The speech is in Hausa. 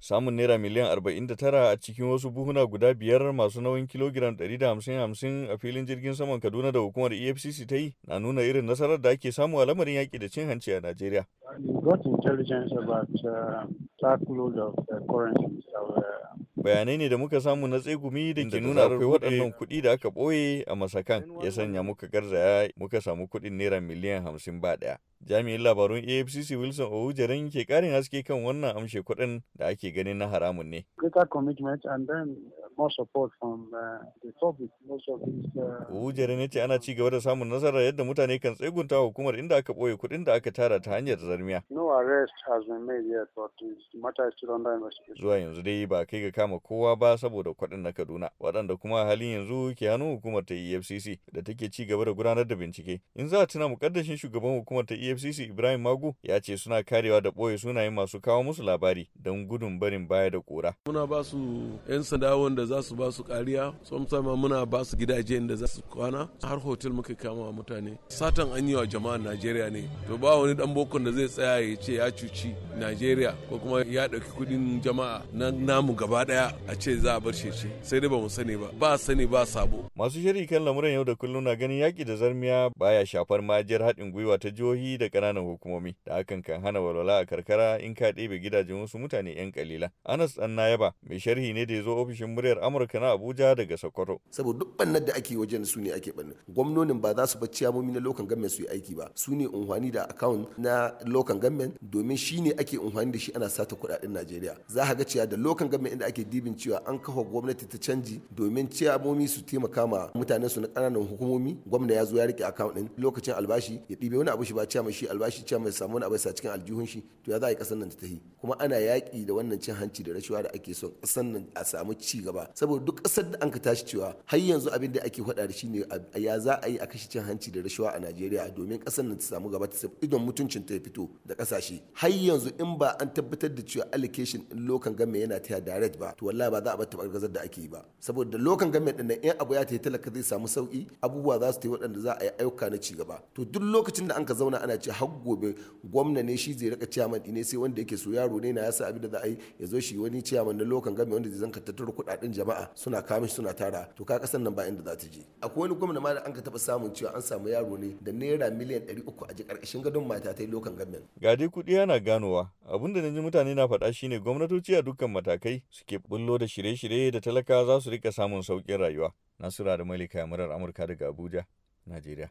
samun naira miliyan 49 a cikin wasu buhuna guda biyar masu nauyin kilogiram 150 a filin jirgin saman kaduna da hukumar efcc ta yi na nuna irin nasarar da ake samu a lamarin yaƙi da cin hanci a najeriya got intelligence about uh, of uh, bayanai ne da muka samu na tsegumi da ke nuna akwai waɗannan kuɗi da aka ɓoye a masakan ya sanya muka garzaya muka samu kuɗin naira miliyan hamsin ba ɗaya jami'in labarun afcc wilson owujaren ke ƙarin haske kan wannan amshe kuɗin da ake ganin na haramun ne more support from uh, the uh, ne ce ana ci gaba da samun nasarar yadda mutane kan tsegunta hukumar inda aka ɓoye kuɗin da aka tara ta hanyar zarmiya. No arrest has been Zuwa yanzu dai ba kai ga kama kowa ba saboda kuɗin na Kaduna waɗanda kuma halin yanzu ke hannun hukumar ta EFCC da take ci gaba da gudanar da bincike. In za a tuna mukaddashin shugaban hukumar ta EFCC Ibrahim Magu ya ce suna karewa da ɓoye sunayen masu kawo musu labari don gudun barin baya da kura. Muna ba su 'yan sanda wanda za su ba su kariya sometimes muna ba su gidaje inda za su kwana har hotel muka kama wa mutane satan an yi wa jama'an najeriya ne to ba wani dan bokon da zai tsaya ya ce ya cuci najeriya ko kuma ya ɗauki kuɗin jama'a na namu gaba ɗaya a ce za a bar shi sai dai ba mu sani ba ba sani ba sabo masu shiri kan lamuran yau da kullum na ganin yaƙi da zarmiya baya shafar majiyar haɗin gwiwa ta jihohi da ƙananan hukumomi da hakan kan hana walwala a karkara in ka ɗebe gidajen wasu mutane 'yan kalila anas ɗan na yaba mai sharhi ne da ya zo ofishin muryar Amurka na Abuja daga Sokoto. Saboda duk bannan da ake wajen su ne ake bannar. Gwamnonin ba za su bar ciyamomi na lokan gamen su yi aiki ba. Su ne unhwani da account na lokan gamen domin shi ne ake unhwani da shi ana sata kuɗaɗen Najeriya. Za ka ga cewa da lokan gamen inda ake dibin cewa an kafa gwamnati ta canji domin ciyamomi su taimaka ma mutanen su na ƙananan hukumomi gwamna ya zo ya rike account din lokacin albashi ya ɗibe wani abu shi ba ciyaman shi albashi mai samu wani abu sa cikin aljihun shi to ya za a yi ƙasar nan ta tahi kuma ana yaƙi da wannan cin hanci da rashuwa da ake son ƙasar nan a samu ci gaba ba saboda duk ƙasar da an ka tashi cewa har yanzu abin da ake faɗa da shi ne ya za a yi a kashe cin hanci da rashawa a Najeriya domin ƙasar nan ta samu gaba ta idon mutuncin ta fito da ƙasashe har yanzu in ba an tabbatar da cewa allocation din lokan game yana taya direct ba to wallahi ba za a bar gazar da ake yi ba saboda lokan game din nan in abu ya tafi talaka zai samu sauki abubuwa za su tafi waɗanda za a yi ayyuka na ci gaba to duk lokacin da an ka zauna ana ce har gobe gwamna ne shi zai rika ciyaman ne sai wanda yake so yaro ne na yasa abin da za a yi ya zo shi wani ciyaman na lokan gamme wanda zai zanka tattara kuɗaɗen din jama'a suna kama shi suna tara to ka kasan nan ba inda za ta je akwai wani gwamna ma da an ka taɓa samun cewa an samu yaro ne da naira miliyan ɗari uku a ji karkashin gadon mata ta lokan gamen. gadi dai kuɗi yana ganowa abin da na ji mutane na faɗa shine gwamnatoci a dukkan matakai suke bullo da shirye-shirye da talaka za su rika samun saukin rayuwa nasura da malika murar amurka daga abuja najeriya